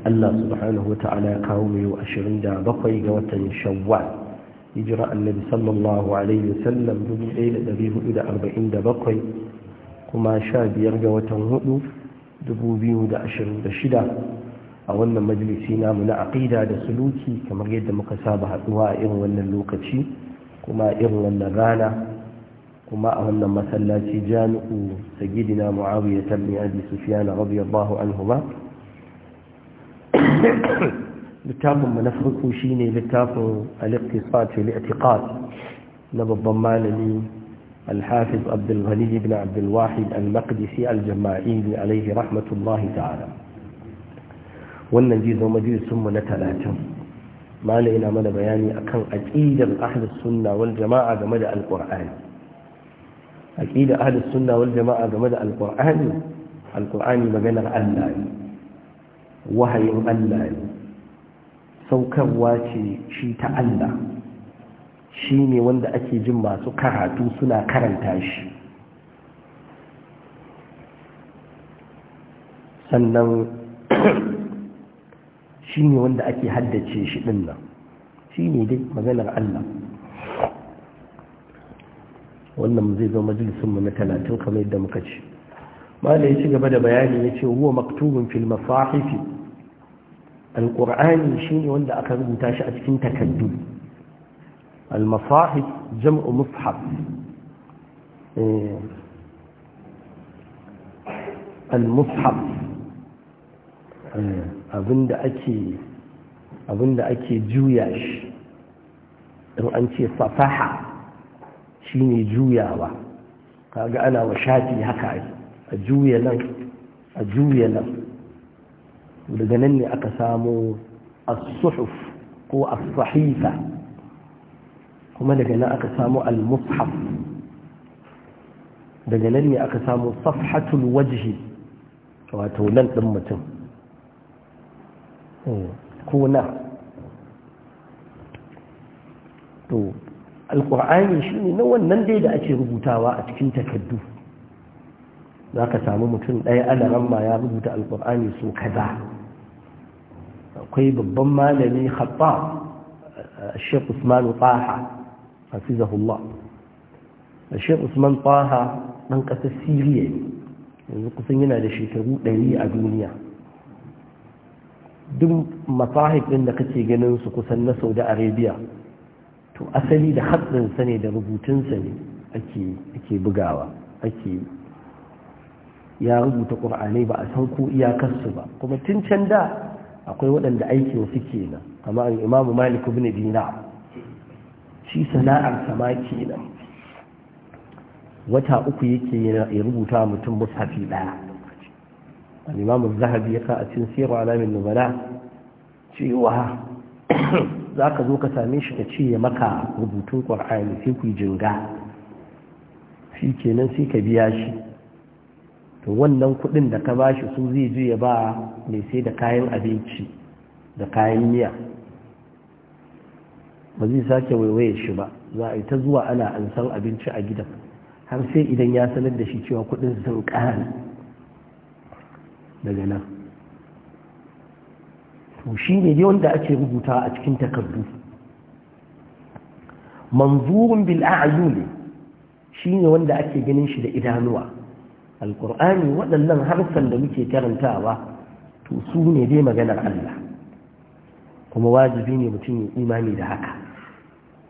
Allah subhanahu wata'ala ya kawo mu yau ashirin da bakwai ga watan shawwal hijira annabi sallallahu alaihi wasallam dubu ɗaya da ɗari hudu da arba'in da bakwai kuma sha biyar ga watan hudu dubu biyu da ashirin da shida a wannan majalisi namu na aƙida da suluki kamar yadda muka saba haɗuwa a irin wannan lokaci kuma a irin wannan rana kuma a wannan masallaci jami'u sagidina muawiya tabni abi sufyan radiyallahu anhu ba لتاف من نفرق وشيني الاقتصاد في الاعتقاد نبى الضمان لي الحافظ عبد الغني بن عبد الواحد المقدسي الجماعين عليه رحمة الله تعالى والنجيز ومجيز ثم نتلاته ما لئنا من بياني أكن أكيد أهل السنة والجماعة بمدى القرآن أكيد أهل السنة والجماعة بمدى القرآن القرآن مجنر ألاي wahayin Allah ne saukarwa ce shi ta Allah shi ne wanda ake jin masu karatu suna karanta shi sannan shi ne wanda ake haddace shi dinnan shi ne dai maganar Allah wannan zai zo majalisunmu na talatin kamar yadda muka ce mala ya ci gaba da bayani ya ce huwa maktubun fil masahifi alqur'ani shine wanda aka rubuta shi a cikin takaddu al masahif jam'u mushaf eh, al mushaf eh, abinda ake abinda ake juya shi in an ce fasaha shine juyawa kaga ana wa shafi haka ake a juya nan a juya nan daga nan ne aka samo as-suhuf ko as-sahifa kuma daga nan aka samo al-mushaf daga nan ne aka samo safhatul wajhi wato nan din mutum eh, ko na to alkur'ani shi ne na wannan dai da ake rubutawa a cikin takaddu za ka samu mutum ɗaya ana ramma ya rubuta alkur'ani su kaza akwai babban malami haɓɓa shek usman taha a shek usman taha ɗan ƙasar siriya ne yanzu kusan yana da shekaru ɗari a duniya duk masahif ɗin da kake ganin su kusan na saudi arabia to asali da hatsinsa ne da rubutunsa ne ake bugawa ake yi ya rubuta ƙur'anai ba a san ko iyakarsu ba kuma tun can da akwai waɗanda aiki wasu kama an imamu malik ibn dina shi sana'ar sama ke nan wata uku yake ya rubuta mutum mushafi ɗaya an imamu zahabi ya sa a cikin siyarwa alamin nubala cewa za ka zo ka same shi ka ce ya maka rubutun ƙwar'ani sai ku jinga shi kenan sai ka biya shi to wannan kudin da ka bashi su zai je ya ba mai sai da kayan abinci da kayan miya ba zai sake waiwaye shi ba za a yi ta zuwa ana an san abinci a gidan har sai idan ya sanar da shi cewa kudin sun ƙara daga nan to shi ne dai wanda ake rubuta a cikin takardu Manzurin bil'a'ayu ne shi ne wanda ake ganin shi da idanuwa alƙur'ani waɗannan harsan da muke karantawa to su ne dai maganar Allah kuma wajibi ne mutum yin imani da haka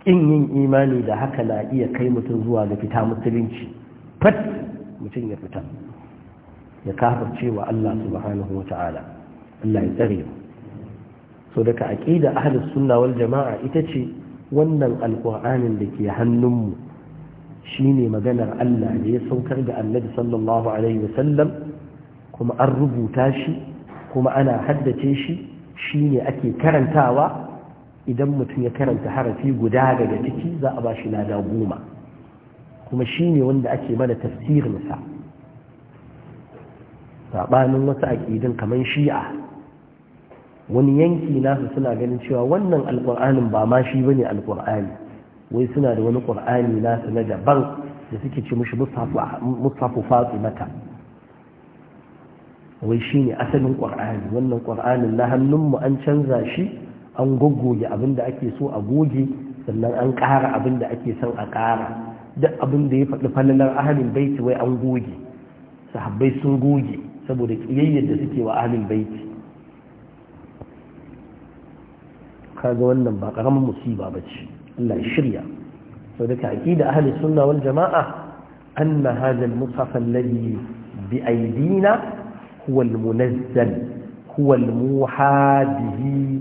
ƙin yin imani da haka na iya kai mutum zuwa ga fita musulunci fat mutum ya fita ya kafa cewa Allah subhanahu wa ta'ala Allah ya tsare mu so daga aqida ahlus sunna wal jama'a ita ce wannan alƙur'anin da ke hannunmu shine maganar Allah da ya saukar da annabi sallallahu alaihi wasallam kuma an rubuta shi kuma ana haddace shi shine ake karantawa idan mutum ya karanta harafi guda daga ciki za a ba shi lada goma kuma shine wanda ake mana tafsirinsa saɓanin wasu aƙidin kamar shi'a wani yanki nasu suna ganin cewa wannan alƙur'anin ba ma shi bane alƙur'ani wai suna da wani ƙur'ani nasu na daban da suke ce mushi fatu mata wai shi ne asalin ƙur'ani wannan ƙur'anin na hannunmu an canza shi an goggoge abin da ake so a goge sannan an ƙara abin da ake son a ƙara duk abin da ya faɗi falalar ahalin baiti wai an goge sahabbai sun goge saboda ƙiyayyar da suke wa ahalin baiti kaga wannan ba ƙaramin musiba ba ce الله الشريعة فذلك عقيدة أهل السنة والجماعة أن هذا المصحف الذي بأيدينا هو المنزل هو الموحى به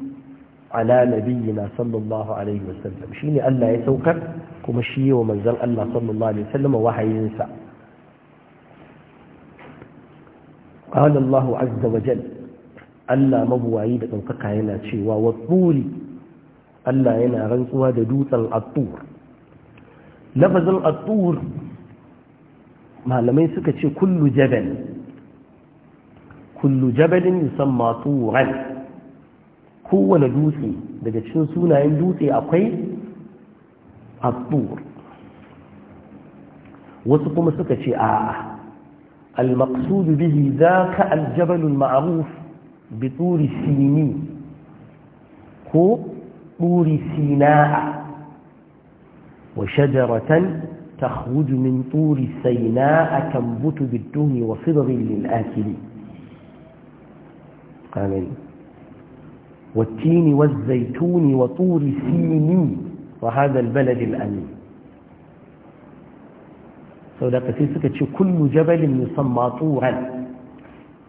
على نبينا صلى الله عليه وسلم شيء ألا يسوك كمشي ومنزل ألا صلى الله عليه وسلم وحي ينسى قال الله عز وجل ألا مبوعيدة من قطع هنا شيء ووطولي Allah yana rantsuwa da dutsen attur lafazin attur malamai suka ce kullu jabal kullu jabalin yusamma turan kowane dutse daga cikin sunayen dutse akwai attur wasu kuma suka ce a'a المقصود به ذاك الجبل المعروف بطول السنين هو طور سيناء وشجرة تخرج من طور سيناء تنبت بالدهن وصبغ للآكلين آمين والتين والزيتون وطور سينين وهذا البلد الأمين سوداء قتيسك كل جبل يسمى طورا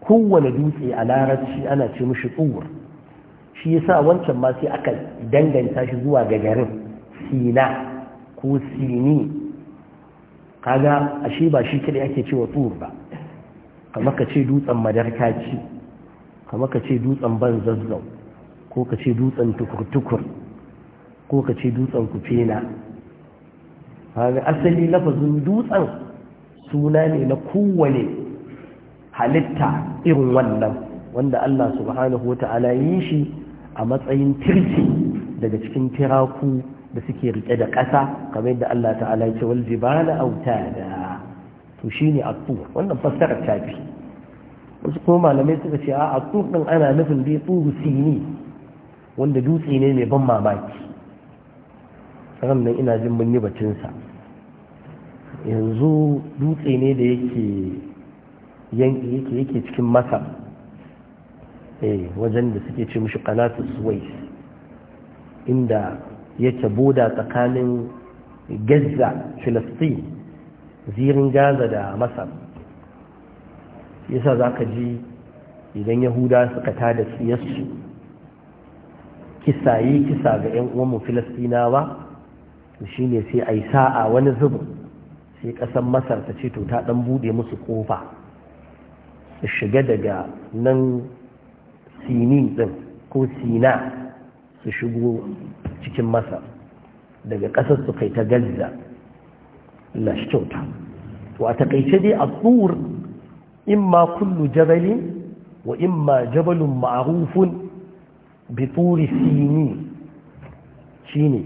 كل ندوسي على رجل أنا تمشي طور shi yasa wancan ma sai aka danganta shi zuwa ga garin sina ko sini kaga ashe ba shi kadai ake cewa tur ba kamar ka ce dutsen madarkaci kamar ka ce dutsen ban zazzau ko ka ce dutsen tukur ko ka ce dutsen kufena kaga asali lafazin dutsen suna ne na kowane halitta irin wannan wanda Allah subhanahu wa ta'ala yi shi a matsayin tirci daga cikin tiraku da suke rike da ƙasa kamar yadda Allah ta'ala ya ce wal jibala autada to shine at-tur wannan fassara ta fi wasu kuma malamai suka ce a at-tur din ana nufin bi turu sini wanda dutse ne mai ban mamaki sannan ina jin mun yi sa yanzu dutse ne da yake yake yake cikin masar Eh, wajen da suke ce mashi kanatu suwais inda yake boda tsakanin gaza filistin zirin gaza da masar yasa za ka ji idan yahuda suka tada da kisa yi kisa ga 'yan uwanmu filistinawa shi ne sai a yi sa'a wani zubin sai kasan masar ta ce to ta dan bude musu kofa su shiga daga nan sinin din ko sina su shigo cikin masa daga ƙasar su kai ta gaza lashi kyauta to a taƙaice dai a tsur ma kullu jabalin wa ma jabalun ma'arufun bituri sini shine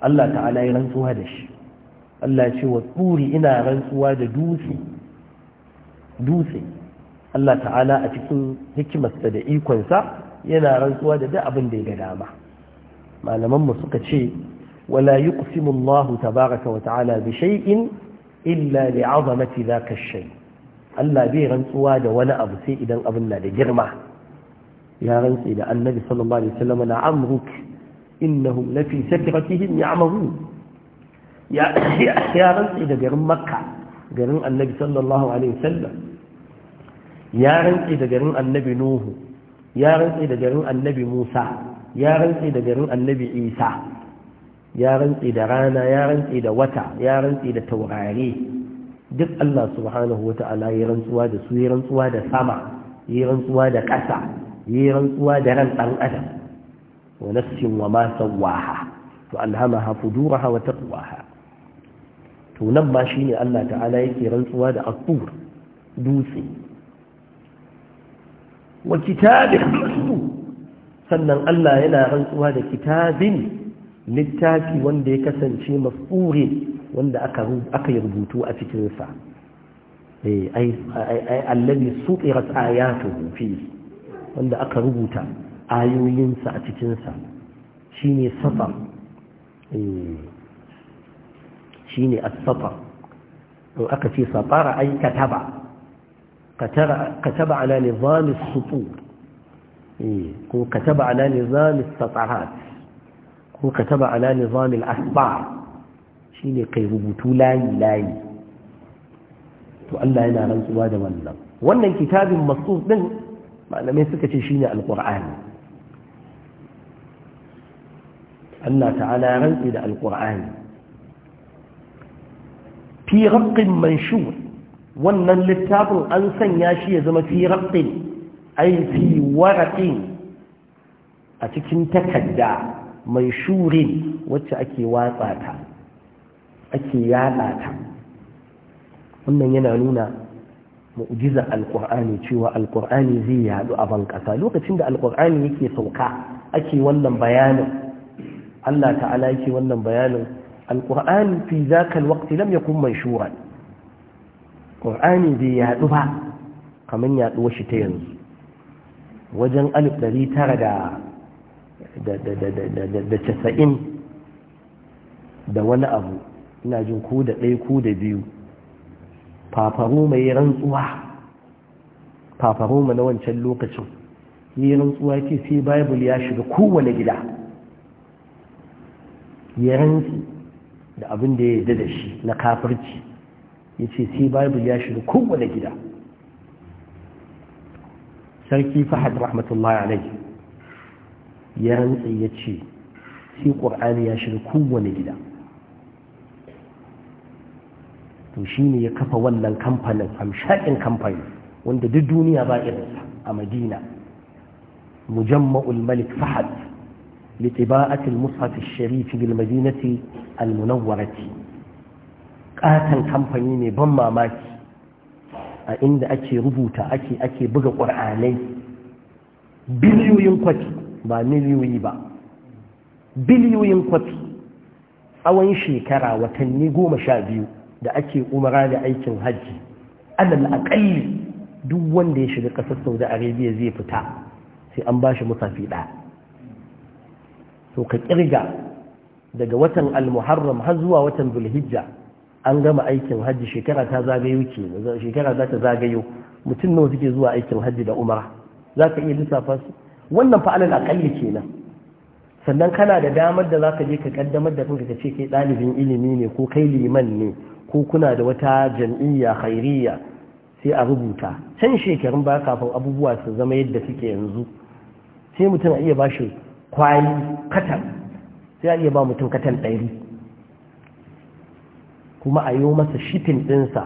Allah ta'ala ya rantsuwa da shi Allah ce wa tsuri ina rantsuwa da dutse dutse Allah ta'ala a cikin hikimarsa da ikonsa yana rantsuwa da duk abin da ya ga dama Malamanmu suka ce wala yuqsimu Allah tabaraka wa ta'ala bi shay'in illa li'azamati dhaka shay Allah bai rantsuwa da wani abu sai idan abin na da girma ya rantsi da Annabi sallallahu alaihi wasallam na amruk innahum lafi sakratihim ya'mahun ya ya rantsi da garin Makka garin Annabi sallallahu alaihi wasallam ya rantse da garin annabi nuhu ya rantse da garin annabi musa ya rantse da garin annabi isa ya rantse da rana ya rantse da wata ya rantse da taurari duk allah subhanahu wa ta'ala ya rantsuwa da su ya rantsuwa da sama ya rantsuwa da ƙasa ya rantsuwa da ran ɗan adam wa nafsin wa ma sawaha to alhamaha fuduraha wa taqwaha to nan ma shine allah ta'ala yake rantsuwa da aqur dutse wa kitabin masbu sannan Allah yana rantsuwa da kitabin littafi wanda ya kasance mafure wanda aka yi rubutu a cikinsa eh, allabi suƙirat ayatu fi wanda aka rubuta ayoyinsa a cikinsa shi ne safar eh, shi ne asafar in aka ce safara ai kataba كتب على نظام السطور يكون إيه، كتب على نظام السطعات يكون كتب على نظام الأسبع شيني قيربتو لاي لاي تؤلى إنا رمز وادا ولا وانا الكتاب المصطوط من معنى من سكة شيني القرآن أن تعالى رمز إلى القرآن في غق منشور wannan littafin an sanya shi ya zama fi raqin aiki fi a cikin takarda mai shurin wacce ake watsa ta ake yada ta wannan yana nuna mu'jizar alkur'ani cewa alkur'ani zai yadu a ban lokacin da alkur'ani yake sauka ake wannan bayanin Allah ta'ala yake wannan bayanin alkur'ani fi zakal waqti lam yakun manshuran ƙur'ani bai yaɗu ba kamar yaɗuwar shi ta yanzu wajen alif ɗari tara da casa'in da wani abu ina jin ku da ɗaya ku da biyu fafaro mai rantsuwa mai na wancan lokacin yi rantsuwa ke sai bible ya shiga kowane gida ya rantsu da abin da ya yarda da shi na kafirci ya ce sai babu ya shiga kowane gida sarki fahad rahmatullahi alai ya rantsi ya ce sai ƙur'ani ya shiga kowane gida to shi ne ya kafa wannan kamfanin hamshakin kamfani wanda duk duniya ba irinsa a madina mujamma'ul malik fahad لطباعة المصحف الشريف بالمدينة المنورة katon kamfani ne ban mamaki a inda ake rubuta ake ake buga ƙur'anai. biliyoyin kwafi ba miliyoyi ba biliyoyin kwafi tsawon shekara watanni goma sha biyu da ake umara da aikin hajji alal aƙalli duk wanda ya shiga ƙasar saudi arabia zai fita sai an ba shi musafi ɗaya to ka ƙirga daga watan almuharram har zuwa watan zulhijja an gama aikin hajji shekara ta zagayo wuce shekara za ta zagayo mutum nawa suke zuwa aikin hajji da umara za ka iya lissafa su wannan fa alal akalli kenan sannan kana da damar da za ka je ka kaddamar da kanka ka ce kai ɗalibin ilimi ne ko kai liman ne ko kuna da wata jam'iyya khairiyya sai a rubuta can shekarun ba kafin abubuwa su zama yadda suke yanzu sai mutum a iya ba shi kwali katan sai a iya ba mutum katan ɗari kuma a yi masa shifin ɗinsa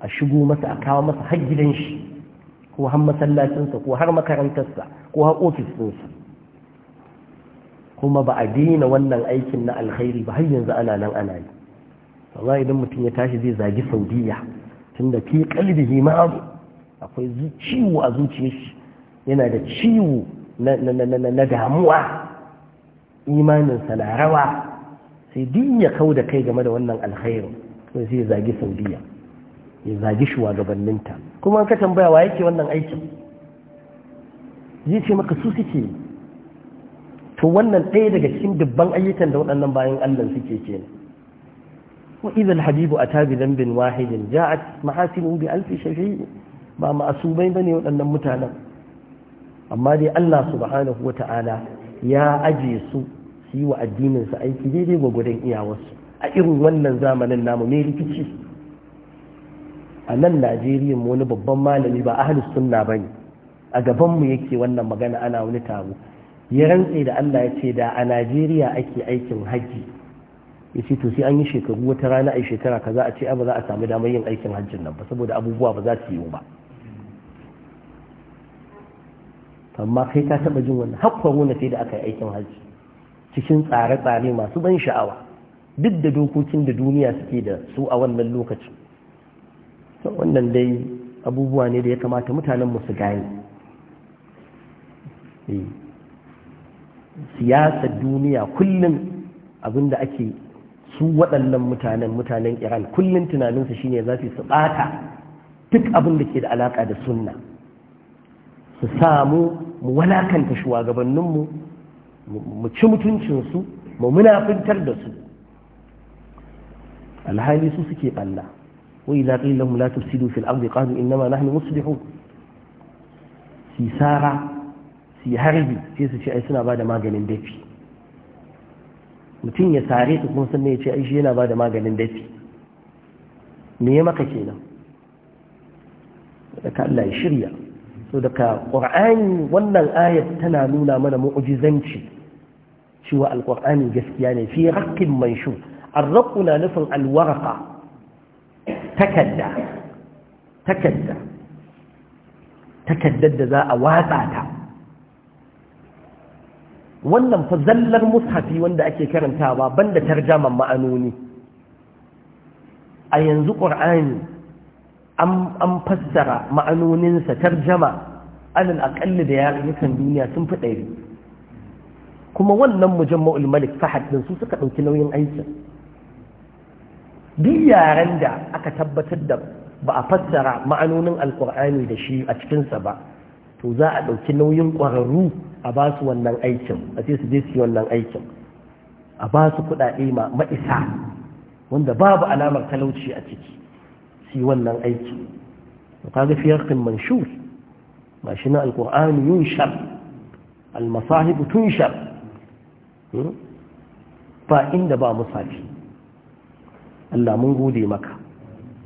a shigo masa a kawo masa har gidan shi ko har masallacinsa ko har makarantarsa ko har ofis ɗinsa kuma ba a daina wannan aikin na alkhairi ba har yanzu ana nan ana yi amma idan mutum ya tashi zai zagi saudiya da fi kalbi ma'aru akwai ciwo a zuciyar shi yana da ciwo na damuwa imaninsa na rawa sai duk ya kau da kai game da wannan alkhairin sai sai zagi saudiya ya zagi shugabanninta kuma an ka tambaya wa yake wannan aikin zai ce maka su suke to wannan ɗaya daga cikin dubban ayyukan da waɗannan bayan allah suke kenan tabi zambin wahidin ja a mahasin ubi alfi shafi? ba bai ba ne waɗannan mutanen amma dai Allah subhanahu wa ta'ala ya aje su su yi wa addininsa aiki daidai gwagwadon iyawarsu a irin wannan zamanin namu mai rikici a nan najeriya wani babban malami ba ahalus sunna ba ne a gabanmu yake wannan magana ana wani taro ya rantse da allah ya ce da a najeriya ake aikin hajji ya ce to sai an yi shekaru wata rana a shekara kaza a ce ba za a sami damar yin aikin hajji nan ba saboda abubuwa ba za su yi ba amma kai ka taba jin wannan har na sai da aka yi aikin hajji cikin tsare-tsare masu ban sha'awa duk da dokokin da duniya suke da su a wannan lokacin wannan dai abubuwa ne da ya kamata mutanenmu su gane eh, siyasar duniya kullum abinda ake su waɗannan mutanen mutanen iran kullum tunaninsu shine za su ɓata duk abin da ke da alaƙa da sunna su samu mu walakanta shugabanninmu mu ci mutuncinsu mu munafintar da su alhali su suke balla wa idza qila lahum la tufsidu fil ardi qalu innama nahnu muslihun si sara si harbi sai su ce ai suna bada maganin dafi mutum ya sare su kuma sannan ya ce ai shi yana bada maganin dafi me ya maka kenan daga Allah ya shirya so daga qur'ani wannan ayat tana nuna mana mu'jizanci cewa alqur'ani gaskiya ne fi raqqin manshu arraku na nufin alwaraka takadda da za a watsa ta wannan fa zallar mushafi wanda ake karantawa banda tarjaman ma'anoni a yanzu ƙur'ani an fassara ma'anoninsa tarjama alal aƙalli da yarukan duniya sun fi ɗari kuma wannan mujamma'ul malik fahad din su suka ɗauki nauyin aikin duk yaren da aka tabbatar da ba a fassara ma'anonin alkur'ani da shi a cikinsa ba to za a ɗauki nauyin ƙwararru a ba su wannan aikin a ce su je su yi wannan aikin a ba su kuɗaɗe ma'isa wanda babu alamar talauci a ciki su yi wannan aiki to kaga fiyar kan manshur shi na alkur'ani yun shar almasahibu tun shar hmm? ba inda ba musafi Allah mun gode maka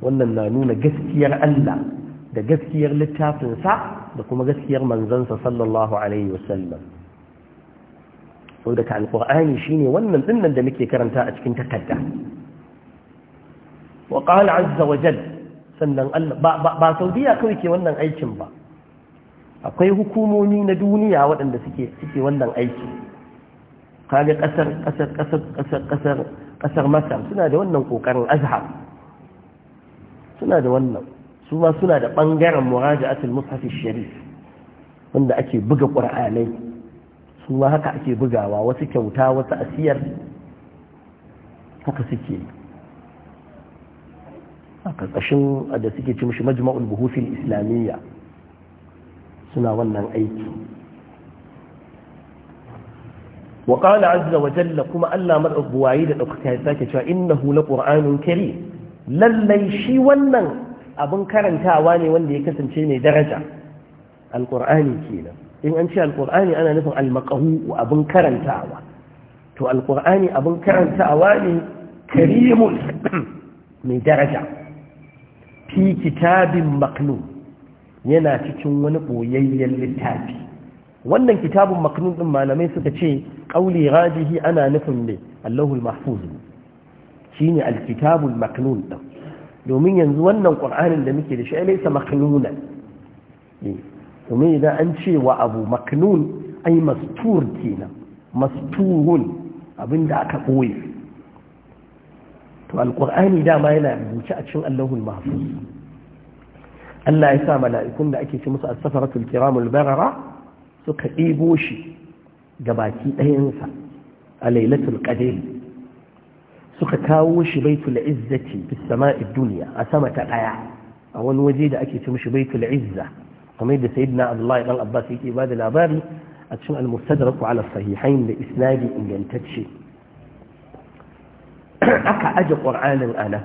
wannan na nuna gaskiyar Allah da gaskiyar littafinsa da kuma gaskiyar manzansa sallallahu alaihi wasallam sau daga alkur'ani shine wannan dinnan da muke karanta a cikin takarda wa qala azza wa jal sannan ba saudiya kawai ke wannan aikin ba akwai hukumomi na duniya waɗanda suke wannan aiki kaga ƙasar, ƙasar, ƙasar, ƙasar. kasar ƙasar masar suna da wannan ƙoƙarin azhar suna da wannan su ma suna da ɓangaren muraja'atul mushafi sharif wanda ake buga ƙur'anai su ma haka ake bugawa wasu kyauta wasu asiyar haka suke a ƙarƙashin da suke cimshi mashi majma'ul buhusin islamiyya suna wannan aiki wa qala azza wa jalla kuma Allah madaukawayi da daukaka ya sake cewa innahu laqur'anun karim lallai shi wannan abin karantawa ne wanda ya kasance mai daraja alqur'ani kenan in an ce alqur'ani ana nufin almaqahu abin karantawa to alqur'ani abin karantawa ne karimun mai daraja fi kitabin maqlum yana cikin wani boyayyen littafi wannan kitabun maknun ɗin malamai suka ce qauli rajihi ana nufin ne Allahul Shi ne alkitabun maknun ɗin. domin yanzu wannan qur'anin da muke da shi laysa maknuna eh, domin idan an ce wa abu maknun ai mastur kenan masturun abinda aka koyi to alqur'ani dama yana rubuce a cikin Allahul Mahfuz Allah ya sa mala'ikun da ake ce musu as-safaratul kiramul barara suka ɗebo shi ga baki ɗayansa a lailatul qadr suka kawo shi baitul izzati bis sama'i duniya a sama ta ɗaya, a wani waje da ake ce mishi baitul izza kamar da sayyidina Abdullahi dan Abbas yake ba da labari a cikin al-mustadrak ala sahihain da isnadi ingantacce aka aje qur'anin ana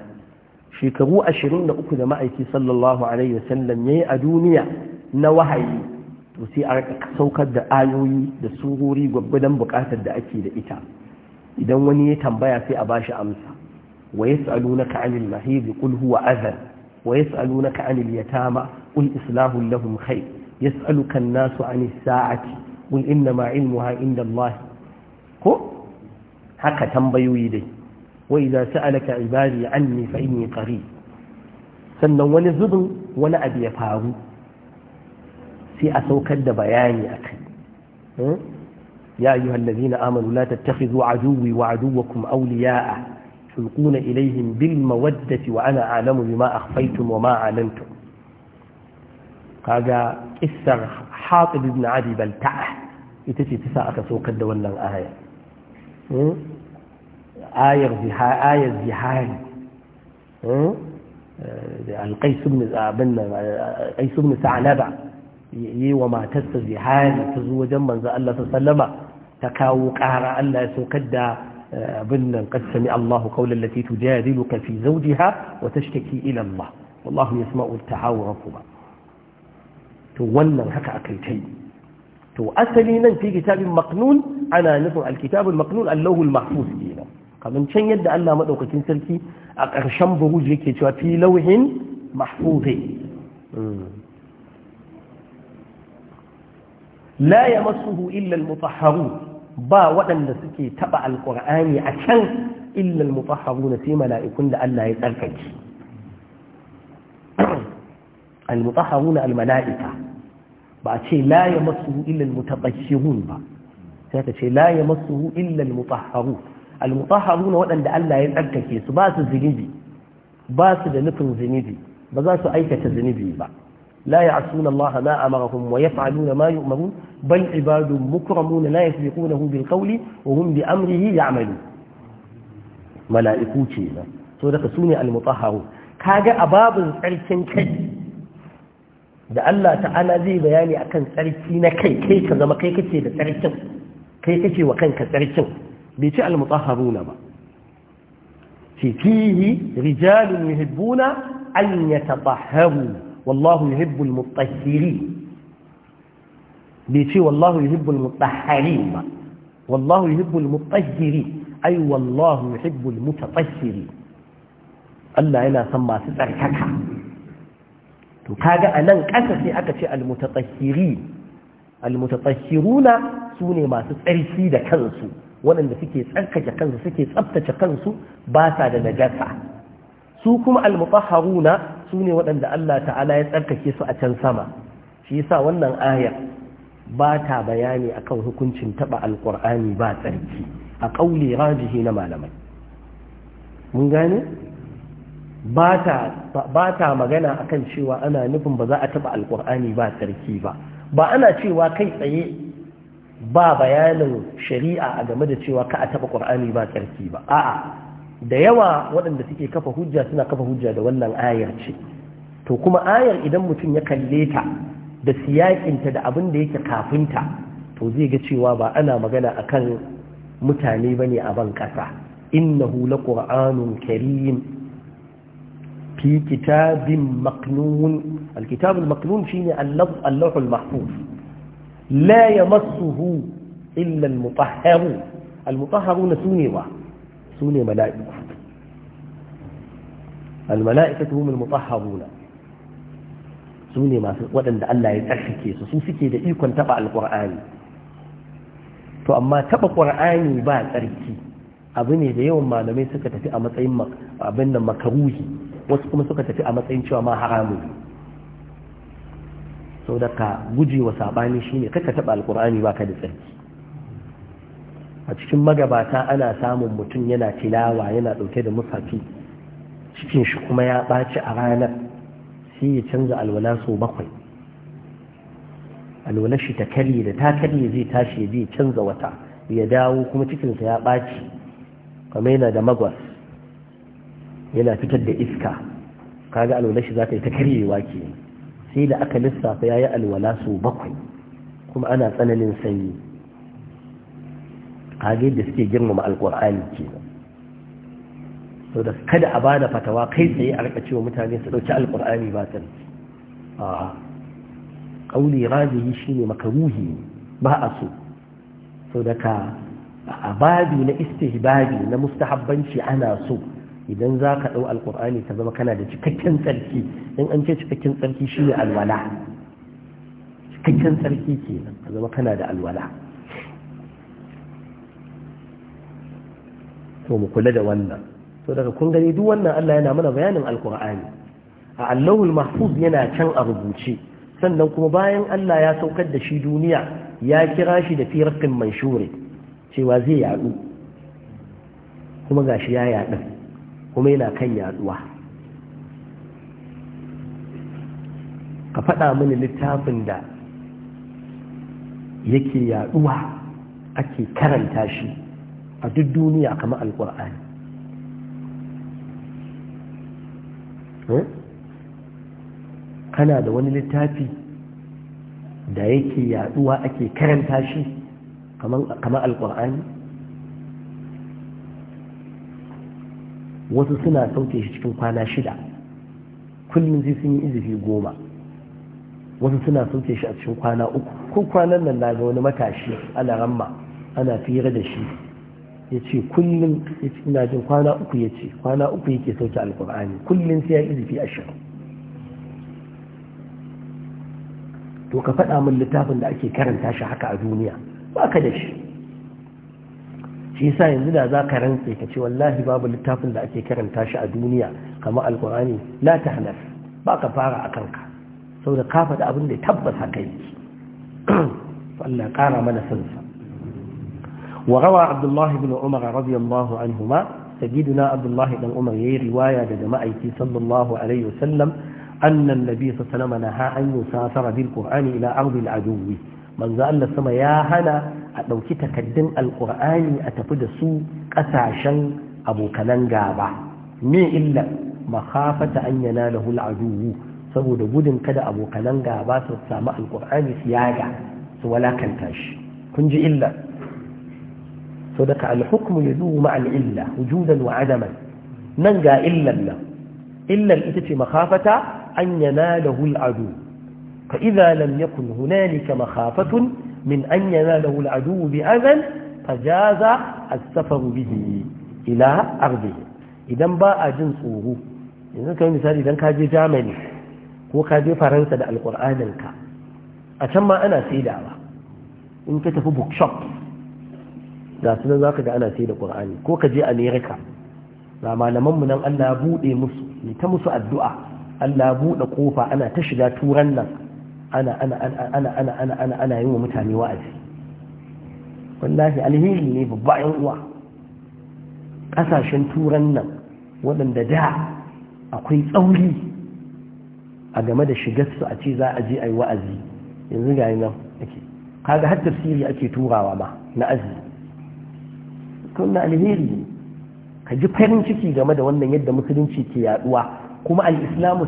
shekaru 23 da ma'aiki sallallahu alaihi wasallam yayi a duniya na wahayi to sai a saukar da ayoyi da surori gwaggwadon bukatar da ake da ita idan wani ya tambaya sai a bashi amsa wa ya yas'alunaka 'anil mahid qul huwa adhan wa ya yas'alunaka 'anil yatama qul islahu kai? Ya tsalu kan nasu 'anis sa'ati qul innama 'ilmuha 'inda Allah ko haka tambayoyi dai wa idza sa'alaka 'ibadi 'anni fa inni qarib sannan wani zubin wani abu ya faru sai a saukar da bayani a kai ya ayyuha allazina amanu la tattakhidhu aduwwi wa aduwwakum awliya'a tulquna ilayhim bil mawaddati wa ana a'lamu bima akhfaytum wa ma a'lantum kaga kissar Hatib ibn Abi Balta'a ita ce tasa aka saukar da wannan aya ayar ayar zihari da alƙaisu ibn sa'anaba yi wa matarsa zihari ta zo wajen manzo Allah sallama ta kawo ƙara Allah ya saukar da eh, abin nan qad Allahu qawlan lati tujadiluka fi zawjiha wa tashtaki ila Allah wallahu yasma'u tahawurakuma to wannan haka akai tai to asali nan fi kitabin maqnun ana nufin alkitabul maqnun allahul mahfuz kenan kaman can yadda Allah madaukakin sarki a ƙarshen buruj yake cewa fi lawhin la ya masuhu illal mutahharun ba waɗanda suke taɓa Alƙur'ani a can illal al na sai mala'ikun da Allah ya tsarkake al-mutahharun al-mala'ika ba a ce la ya masuhu illal mutatahhirun ba sai ka ce la ya masuhu illal mutahharun al na waɗanda Allah ya tsarkake su ba su zunubi ba su da nufin zunubi ba za su aikata zunubi ba لا يعصون الله ما أمرهم ويفعلون ما يؤمرون بل عباد مكرمون لا يسبقونه بالقول وهم بأمره يعملون ملائكو كينا صدق سوني المطهرون كاجا أباب سرسن كي da Allah ta'ala zai bayani akan tsarki na kai kai ka zama kai kace da tsarkin kai kace wa kanka sarkin bai ci al-mutahharuna ba fi fihi rijalun yuhibbuna an wallahu yuhibbul mutahhirin bai ce wallahu yuhibbul mutahharin ba wallahu yuhibbul mutahhirin ai wallahu yuhibbul mutatahhirin Allah yana son masu tsarkaka to kaga anan ƙasa sai aka ce almutatahhirin almutatahhiruna sune masu tsarki da kansu waɗanda suke tsarkake kansu suke tsaftace kansu ba sa da najasa su kuma almutahharuna su ne waɗanda Allah ta'ala ya tsarkake su a can sama shi yasa wannan aya ba ta bayani akan hukuncin taɓa alƙur'ani ba tsarki a ƙauli rajihi na malamai mun gane ba ta magana akan cewa ana nufin ba za a taɓa alƙur'ani ba tsarki ba ba ana cewa kai tsaye ba bayanin shari'a a game da cewa ka a taɓa ƙur'ani ba tsarki ba a'a da yawa waɗanda suke kafa hujja suna kafa hujja da wannan ayar ce to kuma ayar idan mutum ya kalle ta da siyakinta da abin da yake kafinta to zai ga cewa ba ana magana akan mutane ba ne a ban ƙasa innahu laqur'anun karim في كتاب مقنون الكتاب المقنون شيء اللوح المحفوظ لا يمسه إلا na المطهرون ba. su ne mala'iku almala'ikatu humul mutahharuna su ne masu waɗanda Allah ya tsarkake su su suke da ikon taba alqur'ani to amma taba qur'ani ba tsarki abu ne da yawan malamai suka tafi a matsayin abin nan makaruhi wasu kuma suka tafi a matsayin cewa ma haramu sau da ka gujewa ne shine kaka taba ba baka da tsarki a cikin magabata ana samun mutum yana tilawa yana ɗauke da musafi cikin shi kuma ya ɓaci a ranar sai ya canza alwala sau bakwai alwala shi ta karye da ta zai tashi ya canza wata ya dawo kuma cikinsa ya ɓaci kuma yana da magwas yana fitar da iska kaga alwala shi za ta yi ta karyewa ke sai da aka lissafa ya yi alwala sau bakwai kuma ana tsananin sanyi kage da suke girmama alkur'ani kenan so da kada a bada fatawa kai tsaye a rika cewa mutane su dauki alkur'ani ba ta a kauli rajihi shine makaruhi ba a so so da ka a babi na istihbabi na mustahabbanci ana so idan za ka ɗau alkur'ani ta zama kana da cikakken tsarki in an ce cikakken tsarki shi ne alwala cikakken tsarki ke zama kana da alwala to mu kula da wannan to daga kun gani duk wannan Allah yana mana bayanin alkur'ani a allahul mahfuz yana can a rubuce sannan kuma bayan Allah ya saukar da shi duniya ya kira shi da firqin manshuri cewa zai yadu kuma gashi ya yadu kuma yana kan yaduwa ka faɗa mini littafin da yake yaduwa ake karanta shi a duk duniya kamar alkur'ani hmm? kana da wani littafi da yake yaduwa ake karanta shi kamar alkur'ani wasu suna sauke shi cikin kwana shida kullum zai sun yi izifi goma wasu suna sauke shi a cikin kwana uku ko kwanan nan na ga wani matashi ana ramma ana fira da shi ya ce kullum ina jin kwana uku ya ce kwana uku yake sauke alkur'ani kullum sai ya izifi shirin to ka faɗa min littafin da ake karanta shi haka a duniya ba ka da shi shi yasa yanzu da za ka rantse ka ce wallahi babu littafin da ake karanta shi a duniya kamar alkur'ani la ta ba ka fara a kanka saboda ka faɗa abin da tabbata kai Allah ƙara mana sansa وروى عبد الله بن عمر رضي الله عنهما سيدنا عبد الله بن عمر يي رواية لجماعة صلى الله عليه وسلم أن النبي صلى الله عليه وسلم نهى أن يسافر بالقرآن إلى أرض العدو من زال السماء يا هنا لو تكدم القرآن أتفد سوء قساشا أبو كنان جابا مي إلا مخافة أن يناله العدو saboda gudun kada abokanan gaba su samu alkur'ani su yaga su walakanta shi kun ji illa صدق الحكم يدور مع العلة وجودا وعدما ننقى إلا الله إلا الإتت مخافة أن يناله العدو فإذا لم يكن هنالك مخافة من أن يناله العدو بأذى فجاز السفر به إلى أرضه إذا باء جنسه إذا كان مثال إذا كان جامني هو كان فرنسا القرآن الكا أتما أنا سيدعوة إن كتفو بوكشوب ga sunan za ka ga ana sai da ƙur'ani ko ka je amerika ga malamanmu nan allah buɗe musu ne ta musu addu'a allah buɗe kofa ana ta shiga turan nan ana ana ana ana ana yi wa mutane wa'azi wallahi alheri ne babba yan uwa ƙasashen turan nan waɗanda da akwai tsauri a game da shigarsu a ce za a je a yi wa'azi yanzu ga nan ake kaga har tafsiri ake turawa ma na azumi to na alheri ne ka ji farin ciki game da wannan yadda musulunci ke yaduwa kuma al-islamu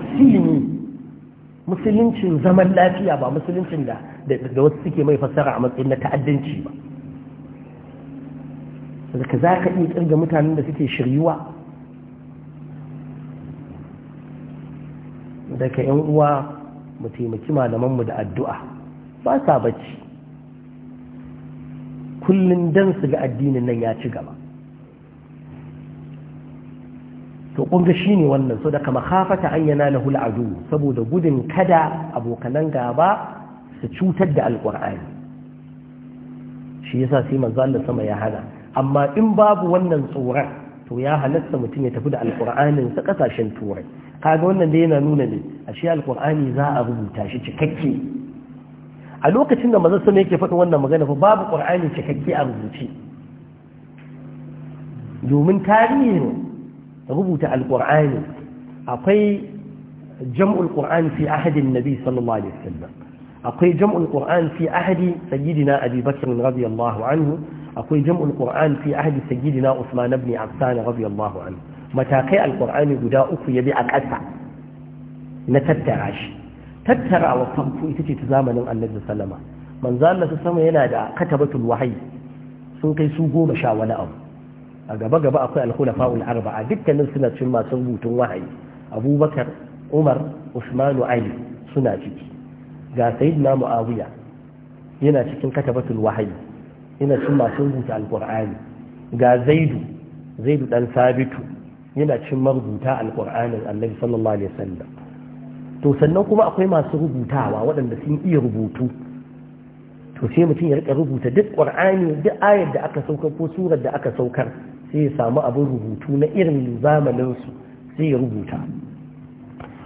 musuluncin zaman lafiya ba musuluncin da da wasu suke mai fassara a matsayin na ta'addanci ba daga za ka iya kirga mutanen da suke shiryuwa daga yan uwa mu taimaki malamanmu da addu'a ba sa bacci kullum dan su ga addinin nan ya ci gaba to kunga shine wannan so daga makafata an yana lahu al'adu saboda gudun kada abokanan gaba su cutar da alqur'ani shi yasa sai manzo Allah sama ya hana amma in babu wannan tsoron to ya halatta mutum ya tafi da alkur'anin sa kasashen turai kaga wannan da yana nuna ne ashe alqur'ani za a rubuta shi cikakke a lokacin da manzon sama yake faɗin wannan magana fa babu qur'ani cikakke a rubuce domin tarihin rubuta alqur'ani akwai jam'ul qur'ani fi ahadin nabi sallallahu alaihi wasallam akwai jam'ul qur'ani fi ahadi sayyidina abi bakr radiyallahu anhu akwai jam'ul qur'ani fi ahadi sayyidina usman ibn affan radiyallahu anhu matakai alqur'ani guda uku ya bi a ƙasa na tattara shi Tattara wa famfo ita ce ta zamanin annabi sallama manzo Allah ta sama yana da katabatul wahayi sun kai su goma sha wani abu a gaba gaba akwai al-khulafa'ul arba'a dukkanin suna cin masu rubutun wahayi abubakar umar usmanu ali suna ciki ga sayyidina muawiya yana cikin katabatul wahayi yana cin masu rubuta alqur'ani ga zaidu zaidu dan sabitu yana cin marubuta alqur'anin annabi sallallahu alaihi wasallam to sannan kuma akwai masu rubutawa waɗanda sun iya rubutu to sai mutum ya rika rubuta duk ƙwar'ani duk ayar da aka saukar ko surar da aka saukar sai ya samu abin rubutu na irin zamaninsu sai ya rubuta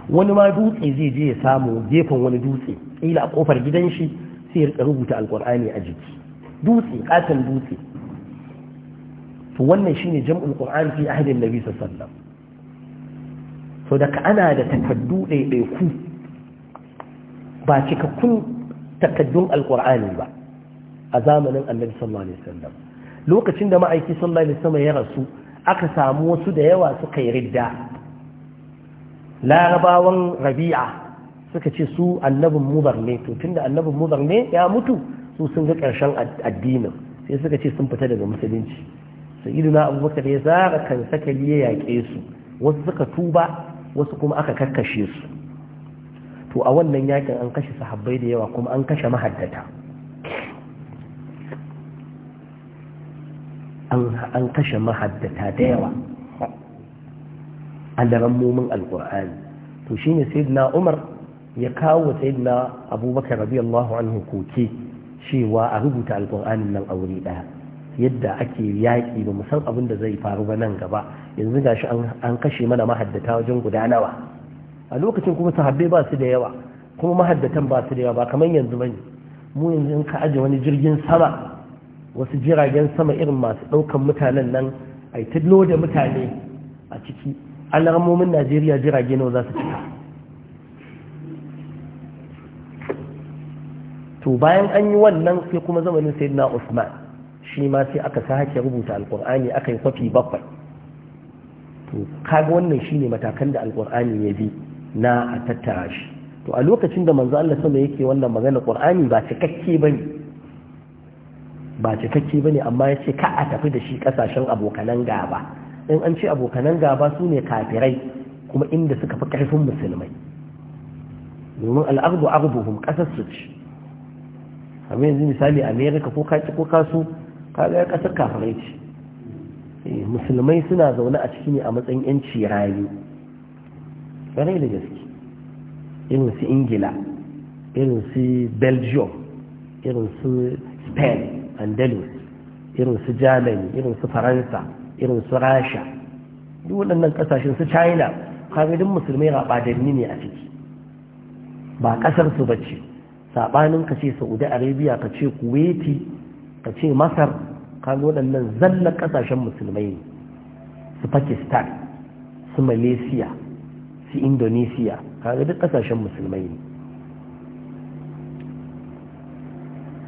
wani ma dutse zai je ya samu gefen wani dutse ƙila a ƙofar gidan shi sai ya rika rubuta alƙur'ani a jiki dutse ƙaton dutse to wannan shine jam'ul qur'an fi ahdin nabi sallallahu alaihi wasallam so daga ana da takaddu ɗaiɗaiku ba cikakkun takaddun Alƙur'ani ba a zamanin annabi sallallahu alaihi wasallam lokacin da ma'aiki sallallahu alaihi wasallam ya rasu aka samu wasu da yawa suka yi ridda larabawan rabi'a suka ce su annabin mubar ne to tunda annabin mubar ne ya mutu su sun ga ƙarshen addinin sai suka ce sun fita daga musulunci sai na abubakar ya zara kan sakali ya yaƙe su wasu suka tuba wasu kuma aka kakkashe su to a wannan yakin an kashe sahabbai da yawa kuma an kashe mahaddata an kashe mahaddata da yawa a daren mumin alkur'ani to shine sayyidina umar ya kawo sayyidina abubakar radiyallahu anhu koke cewa a rubuta alkur'anin nan a wuri daya yadda ake yaƙi ba san abin da zai faru ba nan gaba yanzu gashi an kashe mana mahaddata wajen guda a lokacin kuma sahabbai ba su da yawa kuma mahaddatan ba su da yawa ba kamar yanzu bane mu yanzu in ka aje wani jirgin sama wasu jiragen sama irin masu ɗaukan mutanen nan ai ta da mutane a ciki alarmomin najeriya jirage nawa za su cika to bayan an yi wannan sai kuma zamanin sayyidina usman shi ma sai aka sake rubuta alkur'ani aka yi kwafi bakwai to kaga wannan shine matakan da alqur'ani ya bi na a tattara shi to a lokacin da manzo Allah sama yake wannan magana qur'ani ba cikakke bane ba cikakke bane amma yace ka a tafi da shi kasashen abokanan gaba in an ce abokanan gaba su ne kafirai kuma inda suka fi karfin musulmai domin al'ardu arduhum qasas su ce amma yanzu misali Amerika ko kaci ko kasu kaga kasar kafirai ce Eh, musulmai suna zaune a ciki ne a matsayin 'yanci rayu ƙarai da gaske irin su ingila irin su belgium irin su spain andalus irin su germany irin su faransa irin su rasha duk waɗannan ƙasashen su china kagidin musulmai raɓadanni ne a ciki ba ƙasar su ba ce. saɓanin ka ce saudi arabia ka ce kuwaiti ka ce masar kaga waɗannan zallar ƙasashen musulmai ne su pakistan su malaysia su indonesia kaga duk ƙasashen musulmai ne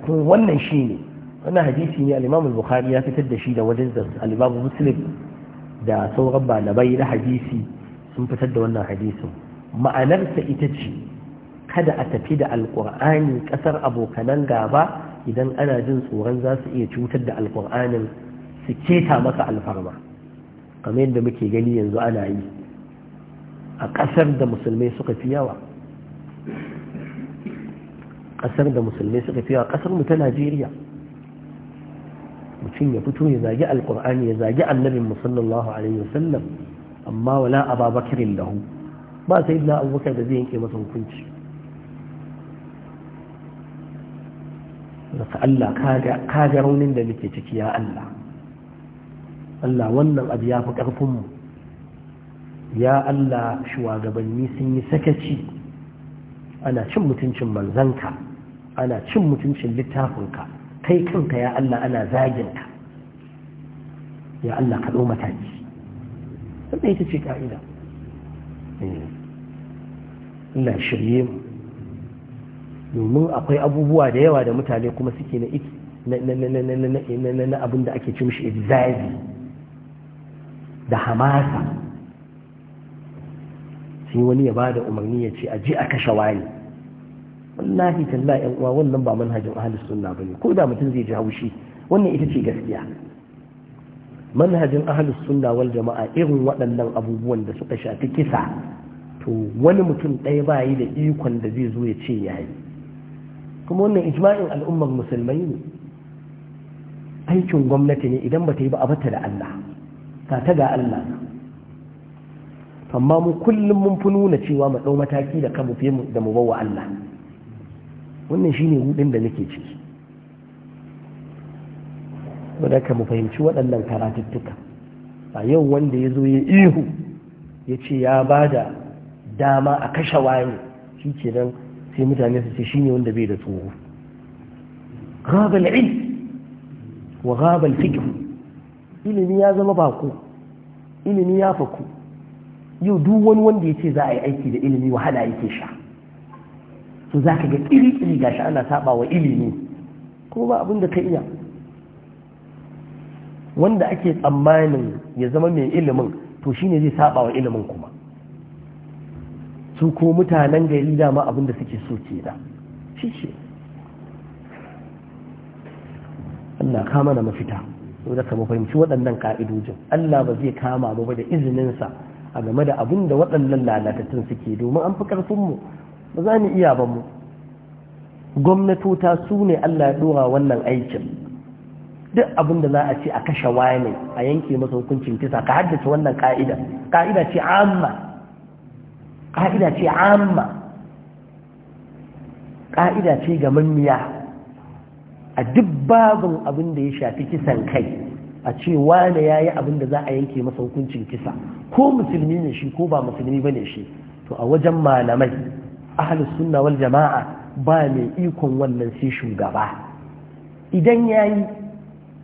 wannan shi ne wannan hadisi ne alimamu bukhari ya fitar da shi da wajen da muslim da sauran malamai na hadisi sun fitar da wannan hadisin ma'anarsa ita ce kada a tafi da alƙur'ani ƙasar abokanan gaba idan ana jin tsoron za su iya cutar da alkur'anin su keta maka alfarma kamar yadda muke gani yanzu ana yi a ƙasar da musulmai suka fi yawa ƙasar da musulmai suka fi yawa ƙasar mu ta najeriya mutum ya fito ya zagi alkur'ani ya zagi annabin mu sallallahu alaihi wasallam amma wala ababakirin lahu ba sai na abubakar da zai yanke masa hukunci daga Allah ka ga raunin da muke ciki ya Allah Allah wannan abu ya fi ƙarfinmu ya Allah shugabanni sun yi sakaci ana cin mutuncin manzanka ana cin mutuncin littafinka kai kanka ya Allah ana zaginka ya Allah ka ɗo mataki wannan ita ce eh. Allah shirye mu domin akwai abubuwa da yawa da mutane kuma suke na abin da ake cimshi izazi da hamasa sai wani ya ba da umarni ya ce a ji a kashe wani wallahi talla yan uwa wannan ba manhajin ahlus sunna bane ko da mutum zai ji haushi wannan ita ce gaskiya manhajin ahlus sunna wal jama'a irin waɗannan abubuwan da suka shafi kisa to wani mutum ɗaya ba da ikon da zai zo ya ce yayi kuma wannan ijma'in al'ummar musulmai ne aikin gwamnati ne idan ba ta yi ba a bata da Allah ka ta ga Allah amma mu kullum mun fi nuna cewa mu ɗau mataki da kan fiye da mu bawa Allah wannan shine hudin da nake ciki wadda ka mu fahimci waɗannan karatuttuka a yau wanda ya zo ya ihu ya ce ya ba da dama a kashe wani shi kenan sai mutane su ce shine wanda bai da tsoro غاب wa وغاب الفكر ilimi ya zama bako ilimi ya faku yau duk wani wanda ya ce za a yi aiki da ilimi wahala yake sha to za ka ga ƙiri-ƙiri sha ana saba wa ilimi ko ba abin da ka iya wanda ake tsammanin ya zama mai ilimin to shine zai saba wa ilimin kuma su ko mutanen gari dama abin da suke so ke da shi ce Allah kama na mafita so da kama fahimci waɗannan ƙa’idojin Allah ba zai kama ba da izininsa a game da abin da waɗannan lalatattun suke domin an fi ƙarfinmu ba za mu iya ba mu gwamnatota su ne Allah ya ɗora wannan aikin duk abin da za a ce a kashe wani a yanke masa hukuncin kisa ka haddace wannan ka'ida ka'ida ce amma ƙa'ida ce amma ƙa'ida ce ga mamiya a duk babin abin da ya shafi kisan kai a ce wane ya yi abin da za a yanke masa hukuncin kisa ko musulmi ne shi ko ba musulmi ba ne shi to a wajen malamai ahalus sunnawar wal jama'a ba mai ikon wannan sai shugaba idan ya yi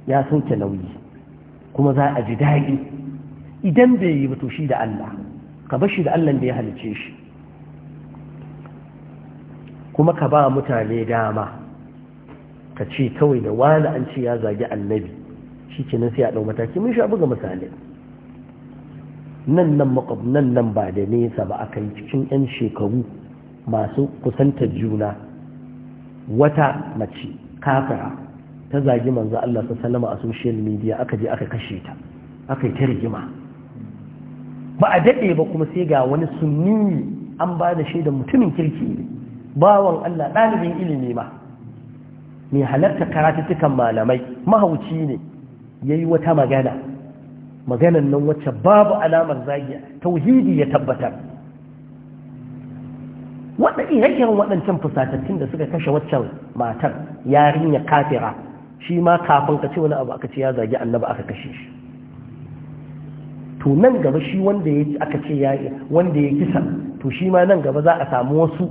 ya sauke nauyi kuma za a ji daɗi idan bai yi ba to shi da Allah ka bashi da Allah da ya halice shi kuma ka ba mutane dama ka ce kawai da wani an ce ya zagi annabi shi ke nan sai a ɗau mataki mun sha buga misali. nan nan nan ba da nesa ba aka yi cikin 'yan shekaru masu kusantar juna wata mace kafara ta zagi manzo Allah sallallahu a social media aka je aka kashe ta aka yi ta rigima ba a daɗe ba kuma sai ga wani sunni an ba da da mutumin kirki ne bawan Allah ɗalibin ilimi ma mai halarta karatuttukan malamai mahauci ne ya yi wata magana maganan nan wacce babu alamar zagi tauhidi ya tabbatar wanda ire waɗancan fusatattun da suka kashe waccan matar yarinya kafira shi ma kafin ka ce wani abu aka ce ya zagi annaba aka kashe shi to nan gaba shi wanda ya aka ce ya wanda ya kisa to shi ma nan gaba za a samu wasu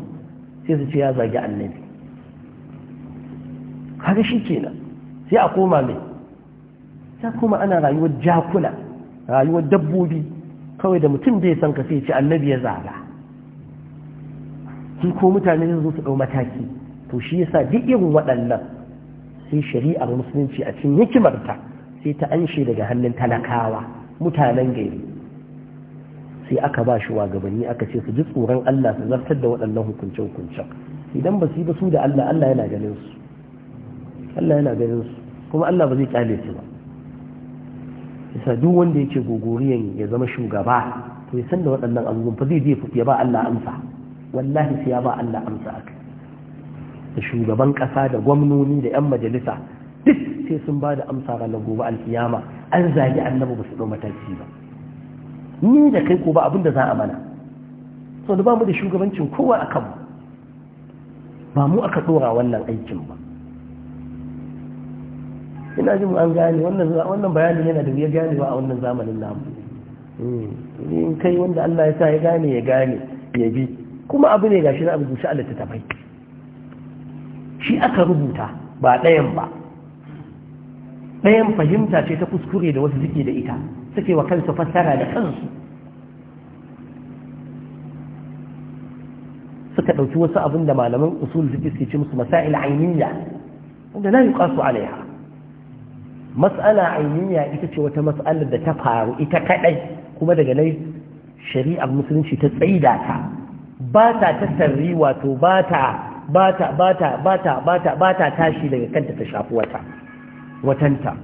sai su ce ya zagi annabi haka shi kenan sai a koma mai ta koma ana rayuwar jakuna rayuwar dabbobi kawai da mutum bai san ka sai ce annabi ya zaga sun ko mutane zai zo su ɗau mataki to shi yasa duk irin waɗannan sai shari'ar musulunci a cikin hikimarta sai ta anshe daga hannun talakawa mutanen gari sai aka ba shi wagabanni aka ce su ji tsoron Allah su zartar da waɗannan hukuncin-hukuncin, idan ba su yi ba su da Allah Allah yana ganin su Allah yana ganin su kuma Allah ba zai kyale su ba yasa duk wanda yake gogoriyan ya zama shugaba to ya san da waɗannan abubuwan fa zai je ya ba Allah amsa wallahi sai ya ba Allah amsa aka da shugaban ƙasa da gwamnoni da 'yan majalisa duk sai sun ba da amsa ranar gobe alkiyama an zagi annabi ba su ɗau mataki ba ni da kai ko ba abin da za a mana so da ba mu da shugabancin kowa a kanmu ba mu aka ɗora wannan aikin ba ina jin an gane wannan bayanin yana da wuya ba a wannan zamanin namu hmm. in kai wanda Allah ya sa ya gane ya gane ya bi kuma abu ne gashi na abu shi Allah ta tafai shi aka rubuta ba ɗayan ba ɗayan fahimta ce ta kuskure da wasu suke da ita suke wa kansu fassara da kansu suka ɗauki wasu abin da malaman usul suke suke ce musu masa'il ainihya wanda la yuqasu alaiha mas'ala ainihya ita ce wata mas'alar da ta faru ita kadai kuma daga nan shari'ar musulunci ta tsaida ta ba ta tasarri wato ba ta ba ta ba ta ba ta ba ta tashi daga kanta ta shafi wata watanta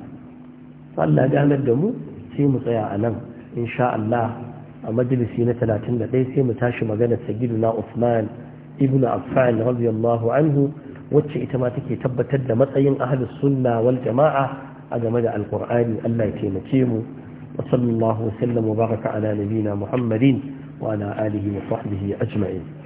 Allah ganar da mu sai mu tsaya a nan insha Allah a majalisi na 31 sai mu tashi magana na Uthman ibn Affan radiyallahu anhu wacce ita ma take tabbatar da matsayin ahlus sunna wal jama'a a game da alqur'ani Allah ya taimake mu wa sallallahu wa sallam wa baraka ala nabina Muhammadin wa ala alihi wa sahbihi ajma'in